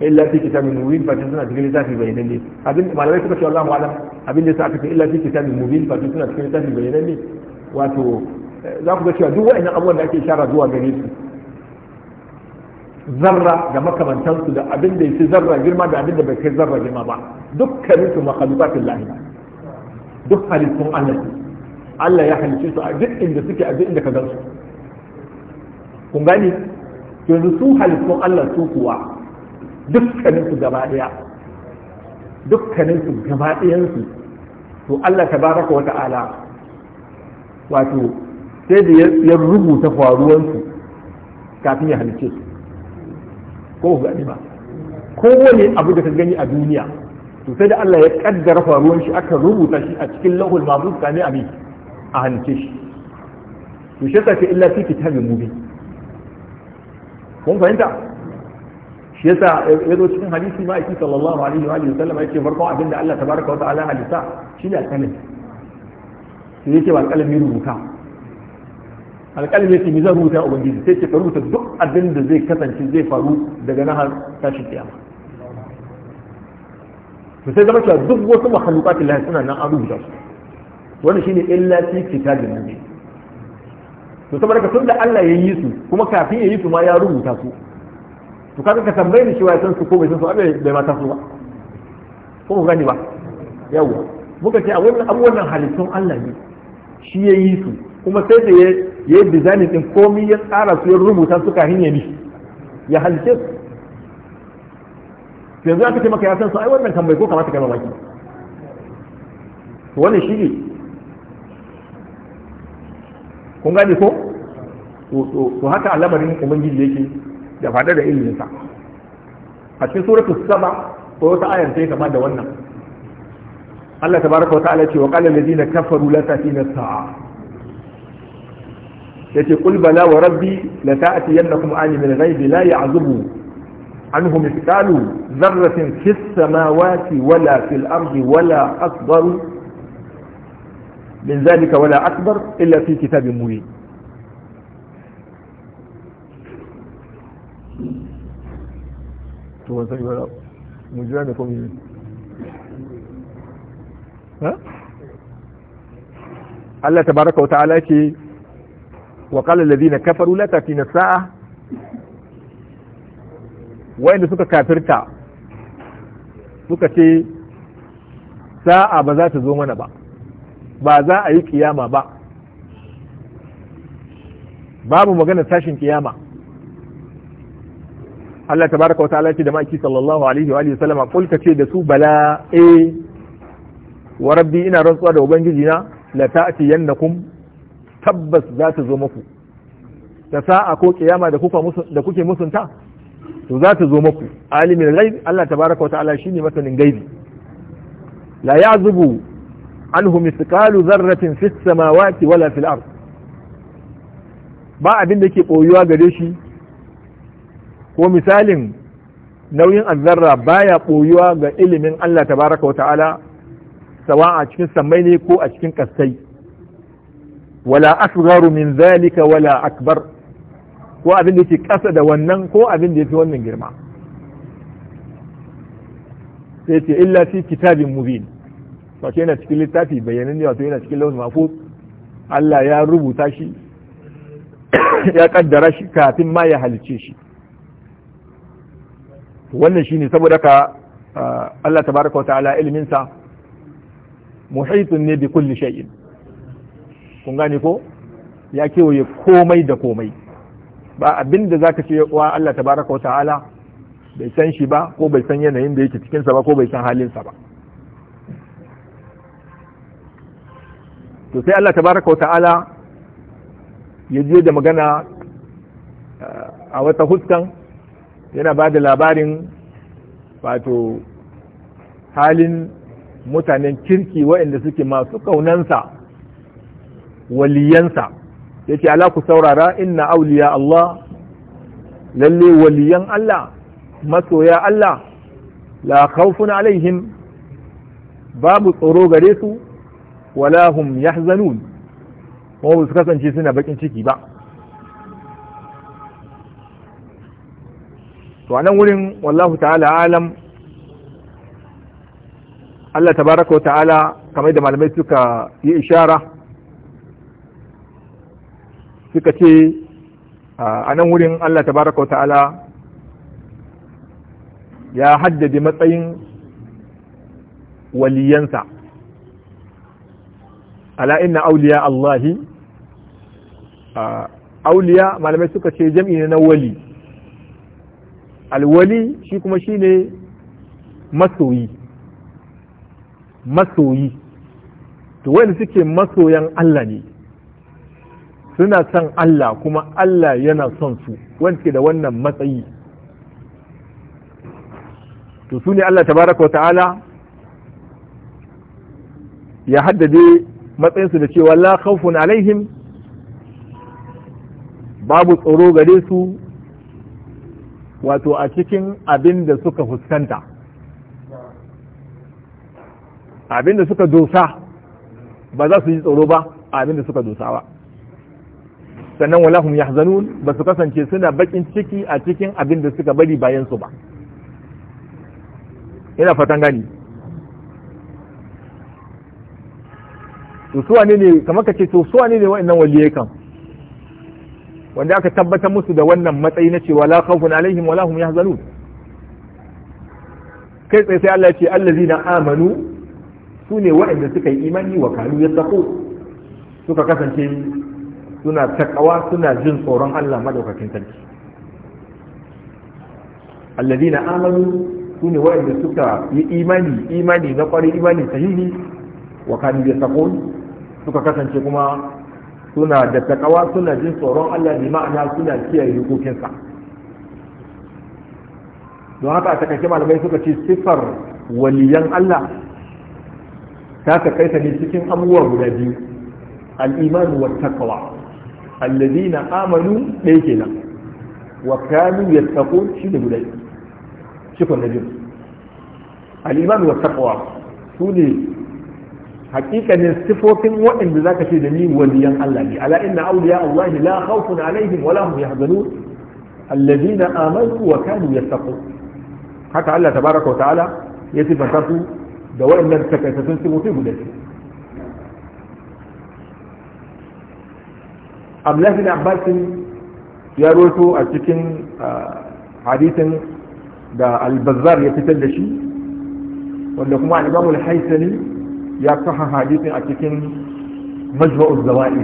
illa fi kitabin mubin fa suna cikin littafi ne abin malamai suka ce mu alam abin da aka ce illa fi kitabin mubin fa suna cikin littafi ne. wato za ku ga cewa duk wa'annan abubuwan da ake shara zuwa gare su zarra da su da abin da yake zarra girma da abin da bai kai zarra girma ba dukkanin su makhluqatul lahi duk halittun Allah Allah ya halice su a duk inda suke a duk inda ka gansu kun gani yanzu su halittun Allah su kuwa dukkaninsu gaba ɗaya dukkaninsu gaba ɗayansu to Allah ta baraka wa ta'ala wato sai da ya rubuta faruwansu kafin ya halice su ko ku gani ba kowane abu da ka gani a duniya to sai da Allah ya kaddara faruwan shi aka rubuta shi a cikin lahul mahfuz kane abi a halice shi to shi ta illa fi kitabin mubin kun fahimta shi yasa ya zo cikin hadisi ma aiki sallallahu alaihi wa alihi wasallam yake farkon abinda Allah tabaraka wa ta'ala halitta shine alƙalami sai yake ba alƙalami rubuta alƙalami yake mi zan rubuta ubangiji sai ke rubuta duk abin da zai kasance zai faru daga nahar tashi kiyama to sai zama cewa duk wasu makhluqatin lahi suna nan an rubuta su wannan shine illa fi kitabin nabi to saboda da Allah ya yi su kuma kafin ya yi su ma ya rubuta su to kaga ka tambaye ni cewa san su ko bai san su abin bai mata su ba ko ku gani ba yawa muka ce a wannan abubuwan halittun Allah ne shi ya yi su kuma sai da ya yi designing din komi ya tsara su ya rubuta su kafin ya bi ya halice su yanzu aka ce maka ya san su ai wannan tambayi ko kamata kai mamaki to wannan shi ne kun gani ko to haka al'amarin ubangiji yake da fada da iliminsa a cikin suratu saba ko wata ayan sai kama da wannan Allah tabaraka wa ta'ala ce wa qala alladhina kafaru la ta'tina sa'a yace qul bala wa rabbi la ta'tiyannakum ani min ghaibi la ya'zubu anhu mithqalu dharratin fis samawati wala fil ardi wala akbar min dhalika wala akbar illa fi kitabin mubin to ta baraka wata mu jira da ne Allah tabaraka wa ta'ala ce wa qala kafaru latafi na sa'a wa'inda suka kafirta suka ce sa'a ba za ta zo mana ba ba za a yi kiyama ba babu magana tashin kiyama Allah tabaraka wa ta'ala ce da maki sallallahu alaihi wa sallama kul ce da su bala E, wa rabbi ina rantsuwa da ubangiji na la ta'ti yannakum tabbas za ta zo muku da sa'a ko kiyama da kuka musu da kuke musunta to za ta zo muku Alimin ghaib Allah tabaraka wa ta'ala shine masanin gaibi la ya'zubu anhu mithqalu dharratin fis samawati wala fil ard ba abin da ke boyuwa gare shi ko misalin nauyin azzarra baya ɓoyuwa ga ilimin Allah tabaraka wa ta'ala sawa a cikin sammai ne ko a cikin kastai wala asgharu min zalika wala akbar ko abin da yake kasa da wannan ko abin da yafi wannan girma sai ce illa fi kitabin mubin wato yana cikin littafi bayanan ne wato yana cikin launin mafus Allah ya rubuta shi ya kaddara shi kafin ma ya halice shi wannan shi ne saboda ka Allah wa ta'ala ilmin sa muhitun ne bi kulli shay'in kun gane ko ya kewaye komai da komai ba abin zaka ce wa Allah wa ta'ala bai san shi ba ko bai san yanayin da yake cikin sa ba ko bai san halinsa ba to sai Allah wa ta'ala ya je da magana a wata huskan yana ba da labarin wato halin mutanen kirki waɗanda suke masu ƙaunansa waliyansa ya ce ala ku saurara inna auliya Allah lalle waliyan Allah masoya Allah la khawfun alaihim babu tsoro gare su wala hum yahzanun kuma ba su kasance suna bakin ciki ba to a nan wurin wallahu ta'ala alam Allah tabaraka wa ta'ala kamar da malamai suka yi ishara suka ce a nan wurin Allah tabaraka wa ta'ala ya haddade matsayin waliyansa ala inna auliya Allahi auliya malamai suka ce jam'i ne na wali alwali shi kuma shi ne masoyi masoyi to wani suke masoyan Allah ne suna son Allah kuma Allah yana son su wanke da wannan matsayi to su ne Allah tabaraka wa ta'ala ya haddade matsayin su da cewa la khawfun alaihim babu tsoro gare su wato a cikin abin da suka fuskanta abin da suka dosa ba za su yi tsoro ba abin da suka dosa ba sannan walahum yahzanun ba su kasance suna bakin ciki a cikin abin da suka bari bayan su ba ina fatan gani su suwa ne ne kamar ka ce su suwa ne ne wa'annan waliyai kan wanda aka tabbatar musu da wannan matsayi na cewa la khawfun alaihim wala hum yahzanun kai tsaye sai Allah ya ce allazina amanu su ne waɗanda suka yi imani wa kanu yattaqu suka kasance suna takawa suna jin tsoron Allah madaukakin sarki allazina amanu su ne waɗanda suka yi imani imani na kwari imani sahihi wa kanu yattaqu suka kasance kuma suna da takawa suna jin tsoron Allah bi ma'ana suna kiyaye hukukinsa don haka a takaice malamai suka ce siffar waliyan Allah ta takaita ne cikin abubuwa guda biyu al'imanu wa takawa alladina amanu ɗaya kenan wa kanu yattaqun shi da guda shi kun nabi al'imanu wa takawa su ne hakikanin sifofin waɗanda zaka ce da ni waliyan Allah ne ala inna awliya Allah la khawfun alaihim wa lahum yahzanun alladhina amanu wa kanu yattaqun haka Allah tabaraka wa ta'ala ya sifanta su da waɗannan takaitattun sifofi guda Abdullahi bin Abbas ya roto a cikin hadisin da al-Bazzar ya fitar da shi wanda kuma al-Imam al ya kaha hadisin a cikin majma'ul zawa'i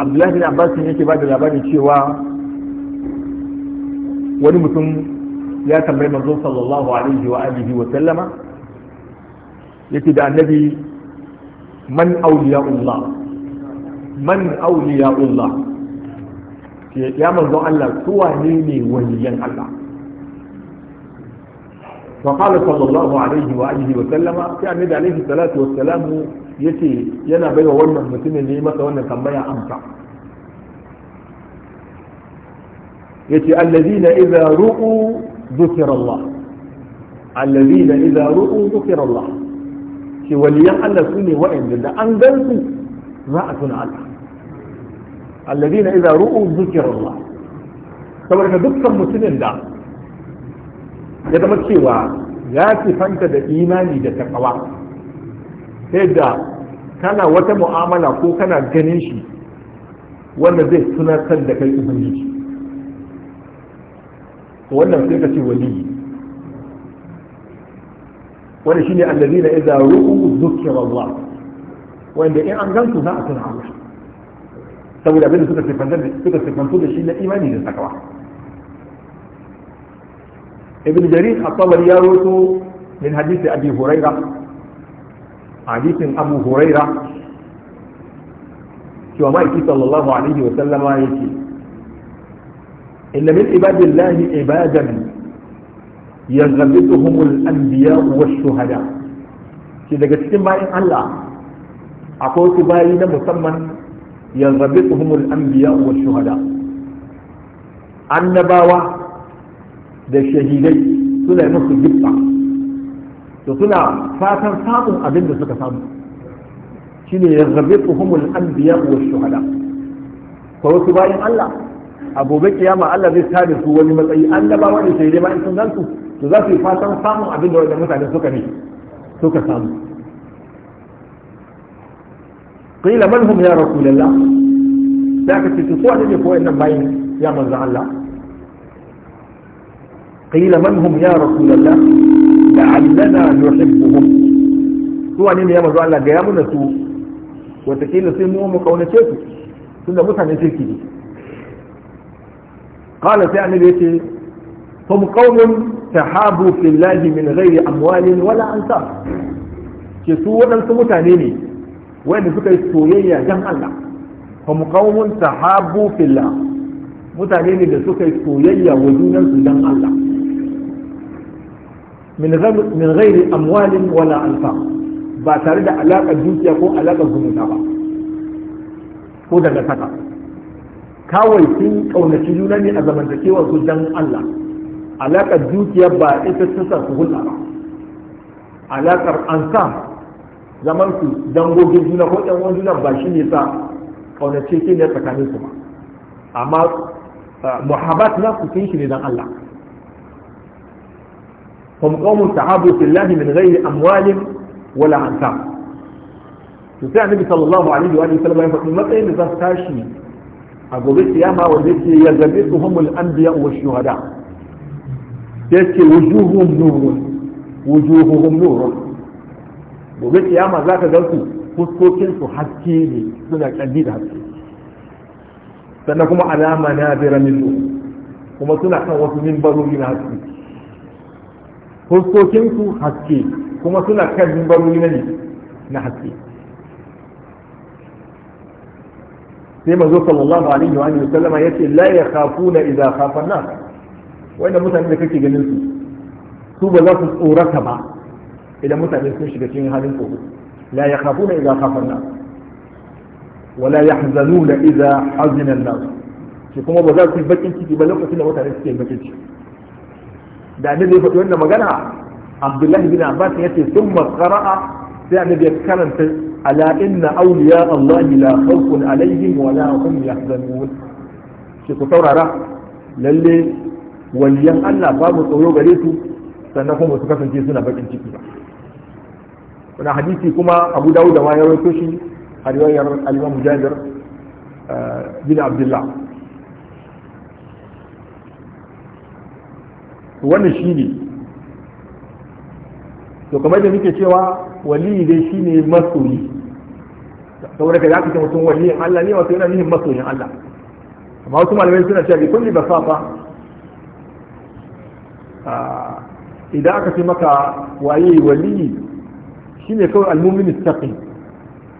abdullahi bin abbas yake ba da labarin cewa wani mutum ya tambayi manzo sallallahu alaihi wa alihi wa sallama yake da annabi man awliyaullah man awliyaullah ya manzo Allah su wane ne waliyan Allah فقال صلى الله عليه وآله وسلم في النبي عليه الصلاة والسلام يتي ينا بين وانا متين اللي متى وانا تنبيا أمتع يتي الذين إذا رؤوا ذكر الله الذين إذا رؤوا ذكر الله شي وليا الله سوني وإن لله أنزلت رأة على الذين إذا رؤوا ذكر الله saboda dukkan mutumin da ya zama cewa ya sifanta da imani da takawa ta yadda kana wata mu'amala ko kana ganin shi wanda zai tunatar da kai ubangiji wannan sai ka ce waliyi wani shine allazina idza ru'u dhukira Allah wanda in an gansu za a tuna Allah saboda abin da suka sifantu da shi na imani da takawa ibn jarir at-tabari ya rawaito min hadisi abi huraira hadisin abu huraira cewa ma'aiki sallallahu alaihi wa sallama yake inna min ibadillahi ibadan yaghlituhumul anbiya wash-shuhada shi daga cikin bayin Allah akwai wasu bayi na musamman yaghlituhumul anbiya wash-shuhada annabawa da shahidai suna yi musu gifta to suna fatan samun abin da suka samu ne ya shine yarzabiquhumul anbiya wa shuhada ko wasu bayan Allah Abubakar gobe kiyama Allah zai tada su wani matsayi annabawa da shahidai ma in sun gansu to za su yi fatan samun abin da wannan mutane suka ne suka samu qila man hum ya rasulullah da ka ce su ne ko wannan bayin ya manzo Allah qila man hum ya rasulullah la'allana nuhibbuhum su wani ne ya manzo Allah ga ya muna su wataƙila sai mu mu kaunace su tunda mutane kirki ne qala sai annabi yace hum qaumun tahabu fillahi min ghairi amwalin ke su waɗansu mutane ne wanda suka yi soyayya dan Allah hum qaumun tahabu fillah mutane ne da suka yi soyayya wa junansu dan Allah min ghairi amwalin wala alfa ba tare da alaƙar dukiya ko alaƙar zumunta ba ko daga saka kawai sun ƙaunaci juna ne a zamantakewar su dan Allah alaƙar dukiya ba ita ta sa su hulɗa ba alaƙar ansa zaman su dangogin juna ko ɗan wani juna ba shi ne sa ƙaunace ke ne tsakanin su ba amma eh, muhabbat na su sun shi ne dan Allah هم قوم تعبوا في الله من غير أموال ولا عنفع تساء النبي صلى الله عليه وآله وسلم يفق من مطعم فاستاشي أقول السيامة والذي يزبطهم الأنبياء والشهداء تسك وجوههم نور وجوههم نور أقول السيامة ذاك ذلك فسكوكين فحسكيني سنة كنديد حسكي سنكم على منابر منه وما سنة كوات من برو من حسكي fuskokinsu haske kuma suna kan mimbarori na ne na haske sai mazo sallallahu alaihi wa alihi sallama ce la ya kafu na iza kafan nan wanda mutane da kake ganin su su ba za su tsorata ba idan mutane sun shiga cikin halin tsoro la ya kafu na iza kafan nan wala ya hazanu na iza hazinan nan shi kuma ba za su yi bakin ciki ba lokacin da mutane suke bakin ciki da annabi ya faɗi wannan magana abdullahi bin abbas ya ce sun makara'a sai annabi ya karanta ala inna awliya allah la khawfun alaihim wa la hum yahzanun shi ku saurara lalle waliyan allah babu tsoro gare su sannan kuma su kasance suna bakin ciki ba wannan hadisi kuma abu dawud da ma ya rawaito shi a riwayar al-imam eh, bin abdullah wannan shi ne to kamar da muke cewa wali dai shi ne masoyi saboda ka zaka ce mutum waliyin Allah ne wato yana nihin masoyin Allah amma wasu malamai suna cewa bi kulli basafa idan aka ce maka waye wali ne kawai al-mu'min istaqi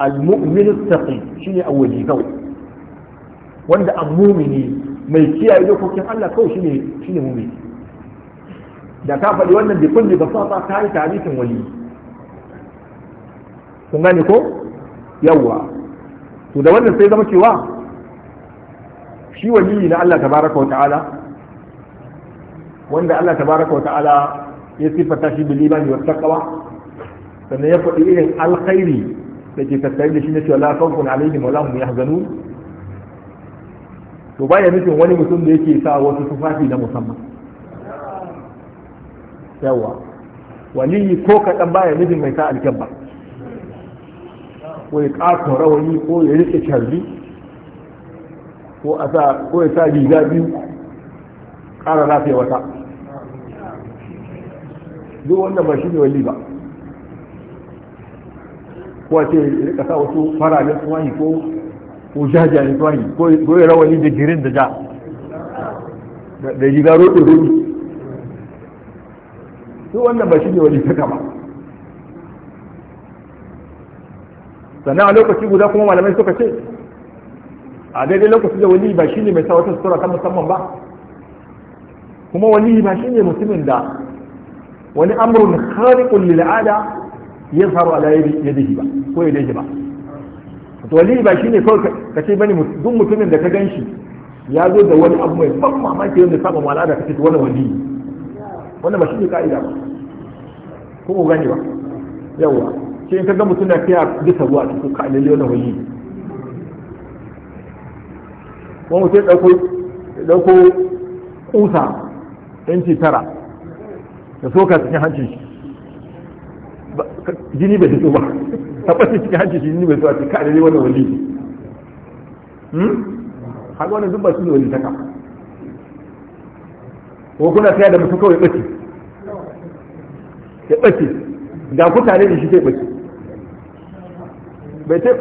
al-mu'min istaqi ne awwali kawai wanda al-mu'mini mai kiyaye dokokin Allah kawai shi ne mu'mini da ka faɗi wannan bi kulli basata ka yi tarihin wani. kun gane ko yawwa to da wannan sai zama cewa shi wali na Allah tabaraka wa ta'ala wanda Allah tabaraka wa ta'ala ya sifata shi bil imani wa taqwa sannan ya faɗi irin alkhairi da ke tattare da shi na cewa la khawfun alaihim wa la hum yahzanun to baya nufin wani mutum da yake sa wasu tufafi na musamman yawa waliyi ko kaɗan baya nufin mai sa alkyabba ko ya ƙato rawani ko ya rike carbi ko a sa ko ya sa riga biyu ƙara lafiya wata duk wannan ba shi ne wali ba ko a ce ya sa wasu fararen tuwahi ko ko jajayen tuwahi ko ya rawani da girin da ja da riga roɗe roɗe duk wannan ba shi ne wani suka ba sannan a lokaci guda kuma malamai suka ce a daidai lokaci da wali ba shi ne mai sa wata sutura ta musamman ba kuma wali ba shi ne mutumin da wani amurin khariqun lil'ada ya faru a ya dihi ba ko ya dihi ba to wali ba shi ne kawai ka ce bane duk mutumin da ka gan shi ya zo da wani abu mai ban mamaki wanda saba al'ada ka ce wani wali wannan ba shi ne ka'ida ba ko ku gani ba yawa sai in ka ga mutum na fiya bisa ruwa cikin kuka lalle wannan wani wani mutum ya ɗauko kusa inci tara da soka cikin hancin shi jini bai fito ba tabbacin cikin hancin shi jini bai fito a cikin ka'adari wannan wani haka ne hmm? duk ba su ne wani ta ko kuna saya da mutu kawai ɓace ya ɓace da ku tare da shi sai ɓace bai sai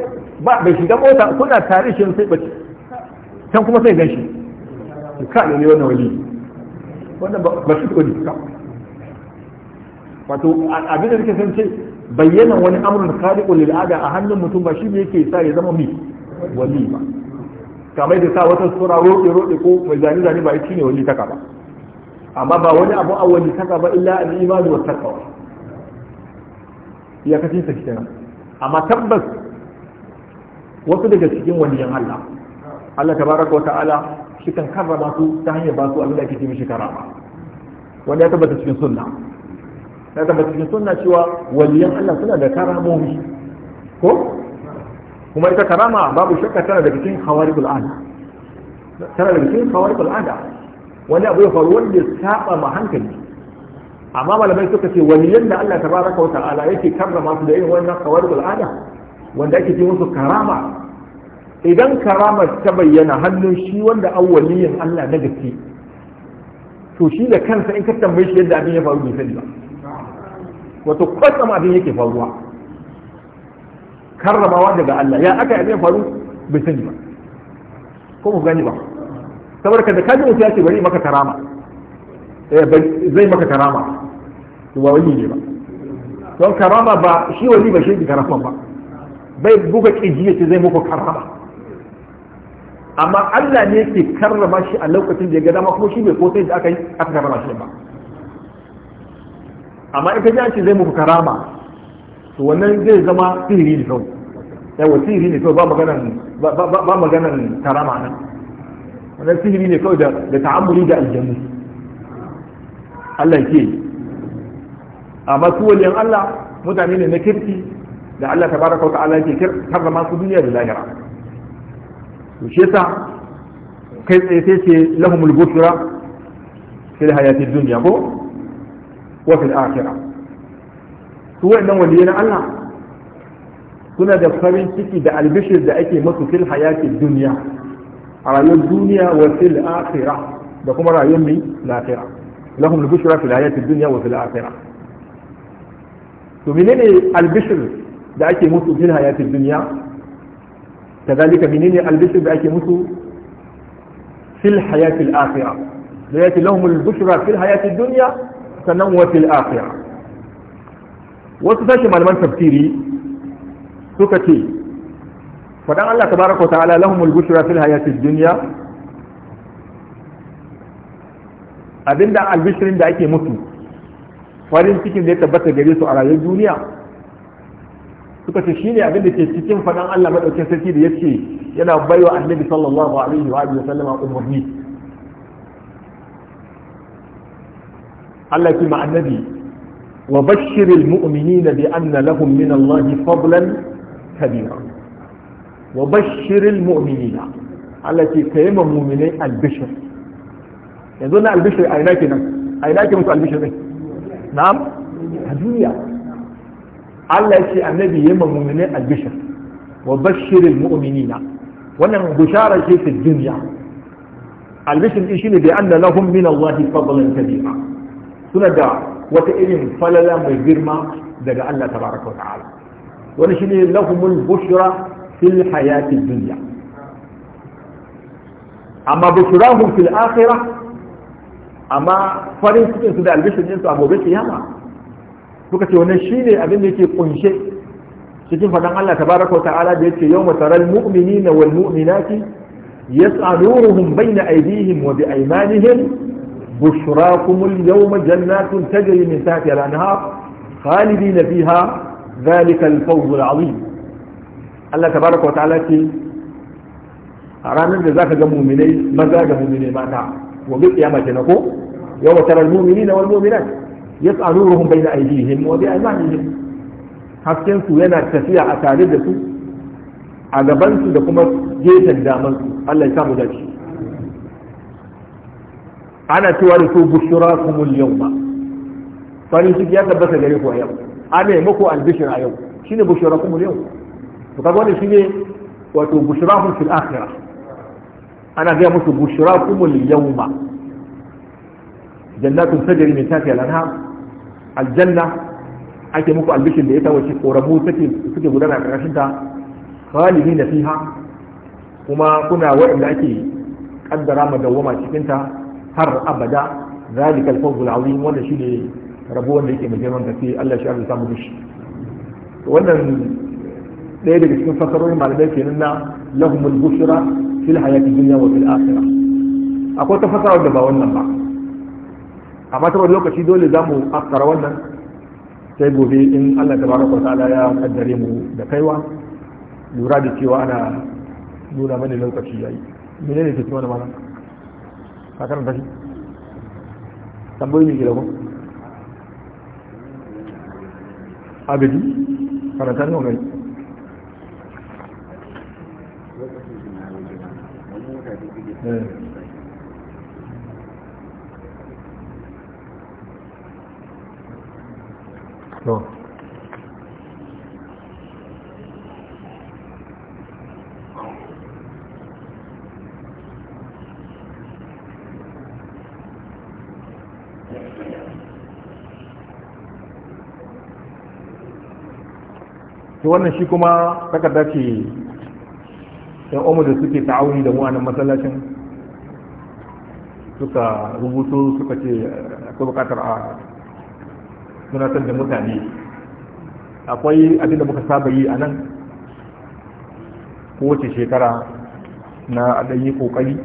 ba bai shiga mota kuna tare shi sai ɓace can kuma sai ganshi ka ne wannan wali wannan ba shi ko ka wato abin da kake san ce bayyana wani amrun khaliqul lil ada a hannun mutum ba shi ne yake sa ya zama mi wali ba kamar da sa wata sura roɗe roɗe ko mai zane zane ba shi ne wali ka ba amma ba wani abu a wani taka ba illa al-imani wa takawa ya kace ta nan. amma tabbas wasu daga cikin wani yan Allah Allah tabaraka wa ta'ala shi kan karrama su ta hanyar ba su abin da ake mishi karama wanda ya tabbata cikin sunna ya tabbata cikin sunna cewa waliyan Allah suna da karamomi ko kuma ita karama babu shakka tana daga cikin hawa ada tana daga cikin wani abu ya faru wanda ya saba ma hankali amma malamai suka ce waliyan da Allah tabaraka wa ta'ala yake karrama su da irin wannan qawarul al'ada wanda ake ce musu karama idan karama ta bayyana hannun shi wanda an Allah na gaske to shi da kansa in ka tambaye shi yadda abin ya faru bai sani ba wato kwatsam abin yake faruwa karramawa daga Allah ya aka abin ya faru bai sani ba ko mu gani ba kamar ka da kaji mutu ya ce bari maka karama eh, zai maka karama ba wani ne ba don karama ba shi wani ba shi karama ba bai buga kiji ya ce zai muku karama amma Allah ne ke karrama shi a lokacin da ya ga dama kuma shi bai kosai da aka yi aka karrama shi ba amma in ka ji an ce zai muku karama to wannan zai zama sihiri ne kawai yawa sihiri ne kawai ba maganan karama nan wannan sihiri ne kawai da ta'ammuli da aljannu Allah ke amma su waliyan Allah mutane ne na kirki da Allah tabaraka wa ta'ala ke karrama su duniya da lahira to shi yasa kai tsaye sai ce lahumul bushra fil hayati dunya ko wa fil akhirah su wannan waliyan Allah suna da farin ciki da albishir da ake masu fil hayati dunya a rayuwar duniya wa fil akhirah da kuma rayuwar mai lafira lahum al-bushra fil hayatid dunya wa fil akhirah to menene al-bushr da ake musu fil hayatid dunya kadalika menene al-bushr da ake musu fil hayatil akhirah da yake lahum al-bushra fil hayatid dunya sannan wa fil akhirah wasu sashi malaman tafsiri suka ce فدان الله تبارك وتعالى لهم البشرى في الحياة الدنيا أبدا البشرى دا يكي متو فارين تكين دي تبتا جريسو على الدنيا تكتشيني شيني أبدا تكتشين فدان الله مدعو كسرتي دي يتشي ينا بيو النبي صلى الله عليه وآله وسلم أمرني الله مع النبي وبشر المؤمنين بأن لهم من الله فضلا كبيرا wa bashirin mu'minina Allah ce ka yi mu'minai albishir yanzu na albishir a ina kenan a ina ke musu albishir ɗin na'am a duniya Allah ce annabi ya ma mu'minai albishir wa bashirin mu'minina wannan bushara ce fi duniya albishir din shine bai anna lahum min Allah fadlan kabira suna da wata irin falala mai girma daga Allah tabaraka wa ta'ala wani shine lahumul bushra في الحياة الدنيا أما بشراهم في الآخرة أما فارين في سبع البشر ينسوا أبو بيت ياما فكتي ونشيني أبين يكي قنشي سكين فدن الله تبارك وتعالى بيتي يوم ترى المؤمنين والمؤمنات يسعى نورهم بين أيديهم وبأيمانهم بشراكم اليوم جنات تجري من تحتها الأنهار خالدين فيها ذلك الفوز العظيم Allah tabaraka wa ta'ala ce a ranar da zaka ga muminai maza da muminai mata wa bi kiyama ce na ko yawa taral mu'minina wal mu'minat aiki bayna aydihim wa bi aymanihim hasken su yana tafiya a tare da su a gaban su da kuma gefen daman su Allah ya samu dace ana cewa da su bushrakumul yawma farin ciki ya tabbata gare ku a yau ana yi muku albishir a yau shine bushrakumul yawma to kaga wannan shine wato bushrahum fil akhirah ana ga musu bushrakumul yawma jannatun tajri min tahtiha al-anhar aljanna ake muku albishin da ita wace koramu take suke gudana a karkashin ta khalidin fiha kuma kuna waɗanda ake kaddara madawwama cikin ta har abada zalikal fawzul azim wannan shine rabo wanda yake mai girman gaske Allah shi ya samu dishi wannan ɗaya daga cikin fasarorin malamai kenan na lahumul bushra fil hayati dunya wa fil akhirah akwai ta fasara da ba wannan ba amma ta wani lokaci dole za mu akara wannan sai gobe in Allah baraka wa ta'ala ya kaddare mu da kaiwa lura da cewa ana nuna mana lokaci yayi menene ke wannan malam ka karanta shi tambayi ne gida ko abidi karanta ne to wannan shi kuma takarda ce yan umar da suke ta'auni da mu a nan masallacin suka rubuto suka ce akwai bukatar a tunatar da mutane akwai abin da muka saba yi a nan kowace shekara na ɗan yi ƙoƙari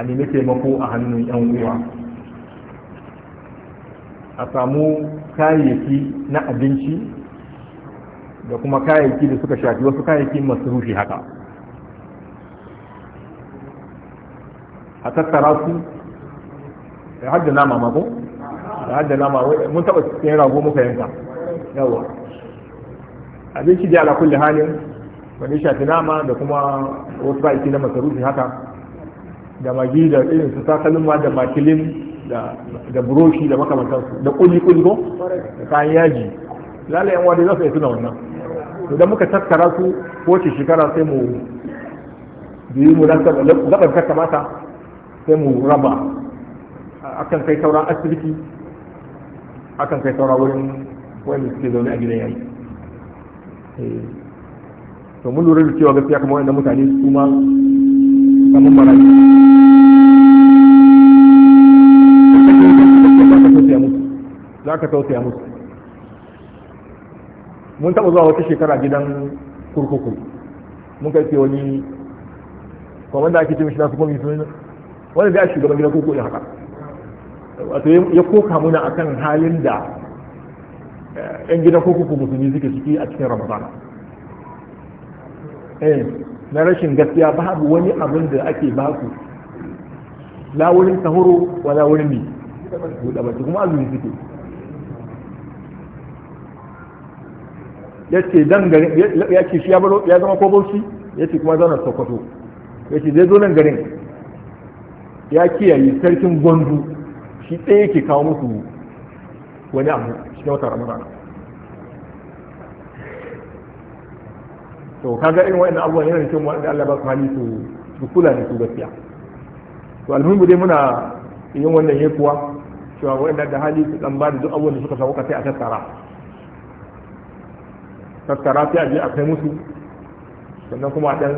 a nemi taimako a hannun 'yan uwa a samu kayayyaki na abinci da kuma kayayyaki da suka shafi wasu kayayyaki masu rufi haka a tattara su da hajji nama mako da hajji nama mun taba cikin rago muka yanka yawa abin shi ala kulli halin wani shafi nama da kuma wasu kayayyaki na masarufi haka da magi da irin su takalma da makilin da buroshi da makamantansu da kuli kuli ko da kayan yaji lalayen wadda za su yi suna wannan idan muka tattara su ce shekara sai mu biyu mu zaɓar kata mata sai mu raba akan kai sauran asibiti akan kai sauran wurin wani suke zaune a gidan yayi eh, to mun lura da cewa gaskiya kuma wanda mutane su ma kamar marayu za ka tausaya musu mun taɓa zuwa wata shekara gidan kurkuku mun kai wani kwamanda ake ce mishi nasu kuma mutum wani da shugaban gidan kurkuku ya haka wato ya koka muna akan halin da eh, yan gidan kurkuku musulmi suke ciki a cikin ramadana eh, na rashin gaskiya babu wani abin da ake baku la wurin sahuru wala wurin ne kuma azumi suke ya ce dan gari ya ce shi ya zama ko bauchi ya ce kuma zauna sokoto ya ce zai zo nan garin ya kiyaye sarkin gwandu shi ɗaya yake kawo musu wani abu shi cikin wata ramadana to kaga irin wa'annan abubuwan yana cikin wa'anda Allah ba su hali su su kula da su gaskiya to almuhimu dai muna yin wannan yekuwa cewa wa'anda da hali su dan ba da duk abubuwan da suka sauka sai a tattara tattara sai a je a kai musu sannan kuma dan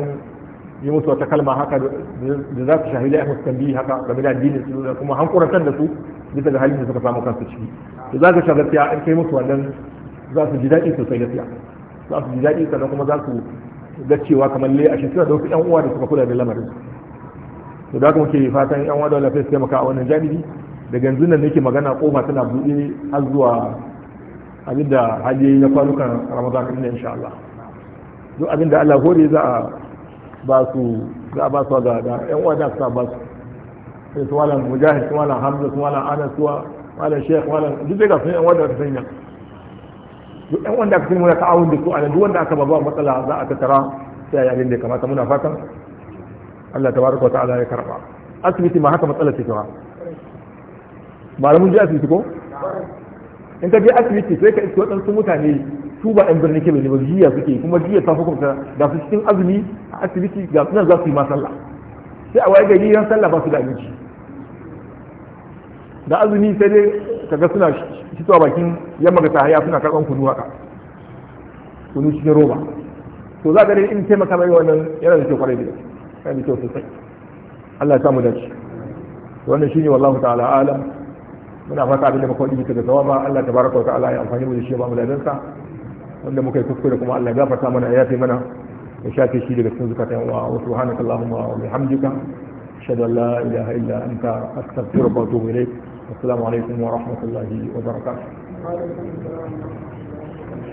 yi musu wata kalma haka da za su shahida ya musu tambi haka game da addinin su da kuma hankurantar da su bisa ga halin da suka samu kansu ciki to za ka sha gaskiya an kai musu wannan za su ji daɗi sosai gaskiya za su ji daɗi sannan kuma za su ga cewa kamar lai a shi suna da wasu ƴan uwa da suka kula da lamarin to da kuma muke fatan ƴan uwa da lafiya su taimaka a wannan jami'i da yanzu nan nake magana kofa tana buɗe har zuwa Abinda hajji na kwanukan ramadan ɗin insha Allah duk abinda Allah hore za a ba su za a ba su ga da ƴan uwa da su ba su sai su wala mujahid su wala hamza su wala anas su wala sheikh wala duk da su ƴan uwa da su sanya duk ƴan uwa da mu muna ka da su a duk wanda aka ba matsala za a tattara sai yayin da kamata muna fatan Allah tabaraka wa ta'ala ya karba asibiti ma haka matsalar ce ba malamin ji asibiti ko in ka je asibiti sai ka iske waɗansu mutane su ba ɗan birni kebe ne ba jiya suke kuma jiya ta hukunta ga su cikin azumi a asibiti ga nan za su yi ma sallah sai a waye gari ran sallah ba su da abinci da azumi sai dai kaga suna fitowa bakin yamma ga tahaya suna karɓan kunu haka kunu cikin roba to za ka dai in taimaka mai wannan yana da kyau kwarai da yana da kyau sosai Allah ya samu dace wannan shine wallahu ta'ala alam muna fata abinda muka wani bisa da ba Allah tabaraka wa ta'ala ya amfani mu da shi ba mu ladansa wanda muka yi kuskure kuma Allah ya gafarta mana ya yafe mana ya shafe shi daga cikin zukatan wa wa subhanaka allahumma wa bihamdika ashhadu an la ilaha illa anta astaghfiruka wa atubu ilayk assalamu alaikum wa rahmatullahi wa barakatuh